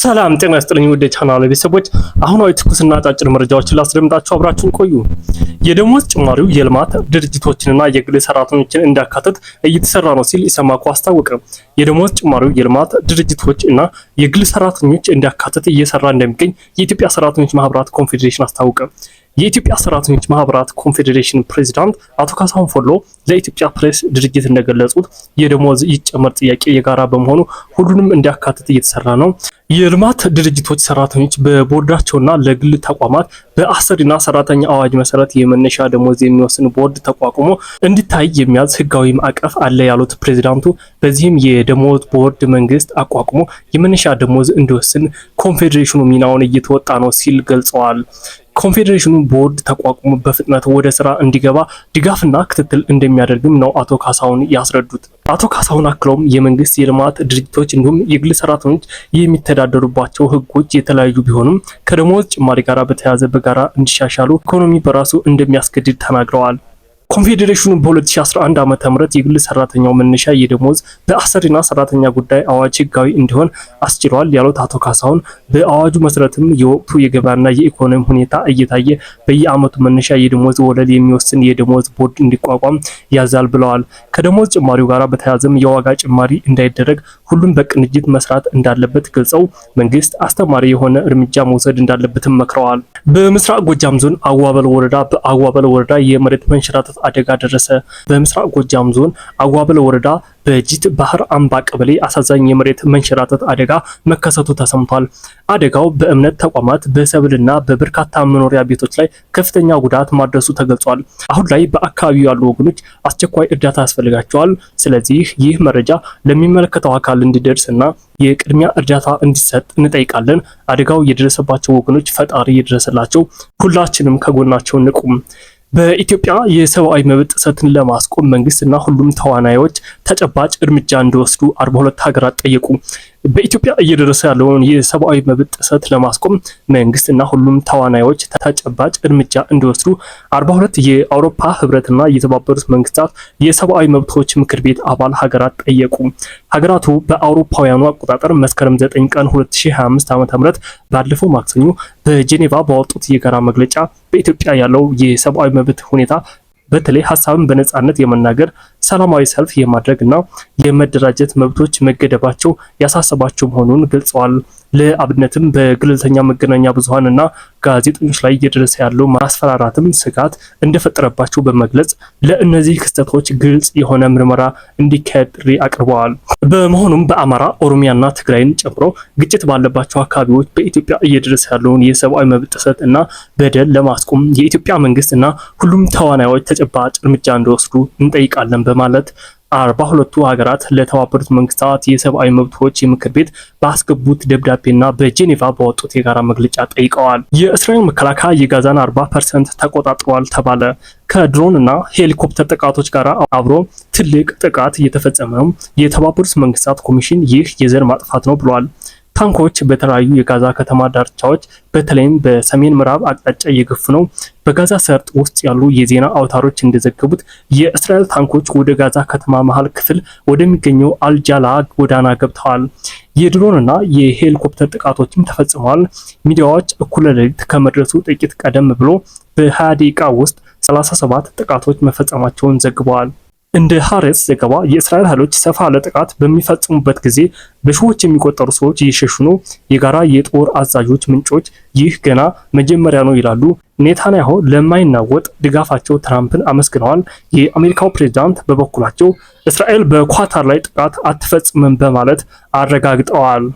ሰላም ጤና ይስጥልኝ ውድ የቻናል ቤተሰቦች፣ አሁናዊ ትኩስና አጫጭር መረጃዎችን ላስደምጣችሁ አብራችሁን ቆዩ። የደሞዝ ጭማሪው የልማት ድርጅቶችንና የግል ሰራተኞችን እንዲያካትት እየተሰራ ነው ሲል ኢሰማኮ አስታወቀ። የደሞዝ ጭማሪው የልማት ድርጅቶች እና የግል ሰራተኞች እንዲያካትት እየሰራ እንደሚገኝ የኢትዮጵያ ሰራተኞች ማህበራት ኮንፌዴሬሽን አስታወቀ። የኢትዮጵያ ሰራተኞች ማህበራት ኮንፌዴሬሽን ፕሬዚዳንት አቶ ካሳሁን ፎሎ ለኢትዮጵያ ፕሬስ ድርጅት እንደገለጹት የደሞዝ ይጨመር ጥያቄ የጋራ በመሆኑ ሁሉንም እንዲያካትት እየተሰራ ነው የልማት ድርጅቶች ሰራተኞች በቦርዳቸውና ለግል ተቋማት በአሰሪና ሰራተኛ አዋጅ መሰረት የመነሻ ደሞዝ የሚወስን ቦርድ ተቋቁሞ እንዲታይ የሚያዝ ህጋዊ ማዕቀፍ አለ ያሉት ፕሬዚዳንቱ፣ በዚህም የደሞዝ ቦርድ መንግስት አቋቁሞ የመነሻ ደሞዝ እንዲወስን ኮንፌዴሬሽኑ ሚናውን እየተወጣ ነው ሲል ገልጸዋል። ኮንፌዴሬሽኑ ቦርድ ተቋቁሞ በፍጥነት ወደ ስራ እንዲገባ ድጋፍና ክትትል እንደሚያደርግም ነው አቶ ካሳውን ያስረዱት። አቶ ካሳሁን አክለውም የመንግስት የልማት ድርጅቶች እንዲሁም የግል ሰራተኞች የሚተዳደሩባቸው ህጎች የተለያዩ ቢሆንም ከደሞዝ ጭማሪ ጋር በተያያዘ በጋራ እንዲሻሻሉ ኢኮኖሚ በራሱ እንደሚያስገድድ ተናግረዋል። ኮንፌዴሬሽኑ በ2011 ዓ ም የግል ሰራተኛው መነሻ የደሞዝ በአሰሪና ሰራተኛ ጉዳይ አዋጅ ህጋዊ እንዲሆን አስችሏል ያሉት አቶ ካሳሁን በአዋጁ መሰረትም የወቅቱ የገበያና የኢኮኖሚ ሁኔታ እየታየ በየአመቱ መነሻ የደሞዝ ወለል የሚወስን የደሞዝ ቦርድ እንዲቋቋም ያዛል ብለዋል። ከደሞዝ ጭማሪው ጋር በተያያዘም የዋጋ ጭማሪ እንዳይደረግ ሁሉም በቅንጅት መስራት እንዳለበት ገልጸው መንግስት አስተማሪ የሆነ እርምጃ መውሰድ እንዳለበትም መክረዋል። በምስራቅ ጎጃም ዞን አዋበል ወረዳ በአዋበል ወረዳ የመሬት መንሸራተት አደጋ ደረሰ። በምስራቅ ጎጃም ዞን አጓበል ወረዳ በጅት ባህር አምባ ቀበሌ አሳዛኝ የመሬት መንሸራተት አደጋ መከሰቱ ተሰምቷል። አደጋው በእምነት ተቋማት በሰብልና በበርካታ መኖሪያ ቤቶች ላይ ከፍተኛ ጉዳት ማድረሱ ተገልጿል። አሁን ላይ በአካባቢው ያሉ ወገኖች አስቸኳይ እርዳታ ያስፈልጋቸዋል። ስለዚህ ይህ መረጃ ለሚመለከተው አካል እንዲደርስና የቅድሚያ እርዳታ እንዲሰጥ እንጠይቃለን። አደጋው የደረሰባቸው ወገኖች ፈጣሪ የደረሰላቸው፣ ሁላችንም ከጎናቸው ንቁም። በኢትዮጵያ የሰብአዊ መብት ጥሰትን ለማስቆም መንግስትና ሁሉም ተዋናዮች ተጨባጭ እርምጃ እንዲወስዱ አርባ ሁለት ሀገራት ጠየቁ። በኢትዮጵያ እየደረሰ ያለውን የሰብአዊ መብት ጥሰት ለማስቆም መንግስትና ሁሉም ተዋናዮች ተጨባጭ እርምጃ እንዲወስዱ አርባ ሁለት የአውሮፓ ህብረትና የተባበሩት መንግስታት የሰብአዊ መብቶች ምክር ቤት አባል ሀገራት ጠየቁ። ሀገራቱ በአውሮፓውያኑ አቆጣጠር መስከረም 9 ቀን 2025 ዓም ም ባለፈው ማክሰኞ በጄኔቫ ባወጡት የጋራ መግለጫ በኢትዮጵያ ያለው የሰብአዊ መብት ሁኔታ በተለይ ሀሳብን በነጻነት የመናገር ሰላማዊ ሰልፍ የማድረግና የመደራጀት መብቶች መገደባቸው ያሳሰባቸው መሆኑን ገልጸዋል። ለአብነትም በገለልተኛ መገናኛ ብዙኃንና ጋዜጠኞች ላይ እየደረሰ ያለው ማስፈራራትም ስጋት እንደፈጠረባቸው በመግለጽ ለእነዚህ ክስተቶች ግልጽ የሆነ ምርመራ እንዲካሄድ ጥሪ አቅርበዋል። በመሆኑም በአማራ ኦሮሚያና ትግራይን ጨምሮ ግጭት ባለባቸው አካባቢዎች በኢትዮጵያ እየደረሰ ያለውን የሰብአዊ መብት ጥሰት እና በደል ለማስቆም የኢትዮጵያ መንግስት እና ሁሉም ተዋናዮች ተጨባጭ እርምጃ እንደወስዱ እንጠይቃለን በማለት በማለት አርባ ሁለቱ ሀገራት ለተባበሩት መንግስታት የሰብአዊ መብቶች ምክር ቤት ባስገቡት ደብዳቤና በጄኔቫ በወጡት የጋራ መግለጫ ጠይቀዋል። የእስራኤል መከላከያ የጋዛን አርባ ፐርሰንት ተቆጣጥሯል ተባለ። ከድሮን እና ሄሊኮፕተር ጥቃቶች ጋር አብሮ ትልቅ ጥቃት እየተፈጸመ ነው። የተባበሩት መንግስታት ኮሚሽን ይህ የዘር ማጥፋት ነው ብሏል። ታንኮች በተለያዩ የጋዛ ከተማ ዳርቻዎች በተለይም በሰሜን ምዕራብ አቅጣጫ እየገፉ ነው። በጋዛ ሰርጥ ውስጥ ያሉ የዜና አውታሮች እንደዘገቡት የእስራኤል ታንኮች ወደ ጋዛ ከተማ መሀል ክፍል ወደሚገኘው አልጃላ ጎዳና ገብተዋል። የድሮንና የሄሊኮፕተር ጥቃቶችም ተፈጽመዋል። ሚዲያዎች እኩለ ሌሊት ከመድረሱ ጥቂት ቀደም ብሎ በ20 ደቂቃ ውስጥ 37 ጥቃቶች መፈጸማቸውን ዘግበዋል። እንደ ሐሬስ ዘገባ የእስራኤል ኃይሎች ሰፋ ያለ ጥቃት በሚፈጽሙበት ጊዜ በሺዎች የሚቆጠሩ ሰዎች እየሸሹ ነው። የጋራ የጦር አዛዦች ምንጮች ይህ ገና መጀመሪያ ነው ይላሉ። ኔታንያሁ ለማይናወጥ ድጋፋቸው ትራምፕን አመስግነዋል። የአሜሪካው ፕሬዝዳንት በበኩላቸው እስራኤል በኳታር ላይ ጥቃት አትፈጽምም በማለት አረጋግጠዋል።